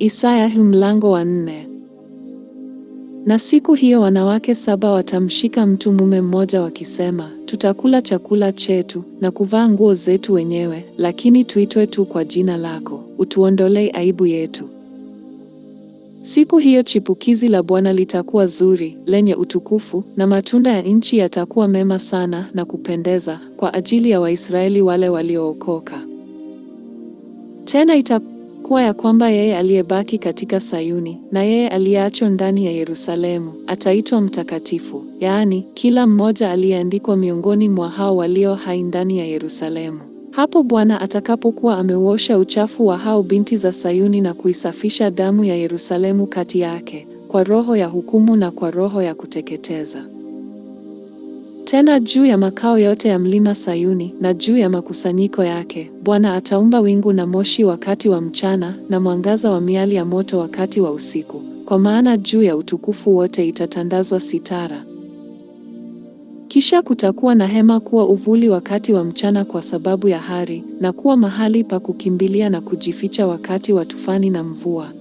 Isaya mlango wa nne. Na siku hiyo wanawake saba watamshika mtu mume mmoja wakisema, tutakula chakula chetu na kuvaa nguo zetu wenyewe, lakini tuitwe tu kwa jina lako, utuondolei aibu yetu. Siku hiyo chipukizi la Bwana litakuwa zuri, lenye utukufu, na matunda ya nchi yatakuwa mema sana na kupendeza kwa ajili ya Waisraeli wale waliookoka. Tena itakuwa kuwa ya kwamba yeye aliyebaki katika Sayuni na yeye aliyeachwa ndani ya Yerusalemu ataitwa mtakatifu, yaani kila mmoja aliyeandikwa miongoni mwa hao walio hai ndani ya Yerusalemu. Hapo Bwana atakapokuwa ameuosha uchafu wa hao binti za Sayuni na kuisafisha damu ya Yerusalemu kati yake, kwa roho ya hukumu na kwa roho ya kuteketeza. Tena juu ya makao yote ya mlima Sayuni na juu ya makusanyiko yake, Bwana ataumba wingu na moshi wakati wa mchana, na mwangaza wa miali ya moto wakati wa usiku, kwa maana juu ya utukufu wote itatandazwa sitara. Kisha kutakuwa na hema kuwa uvuli wakati wa mchana kwa sababu ya hari, na kuwa mahali pa kukimbilia na kujificha wakati wa tufani na mvua.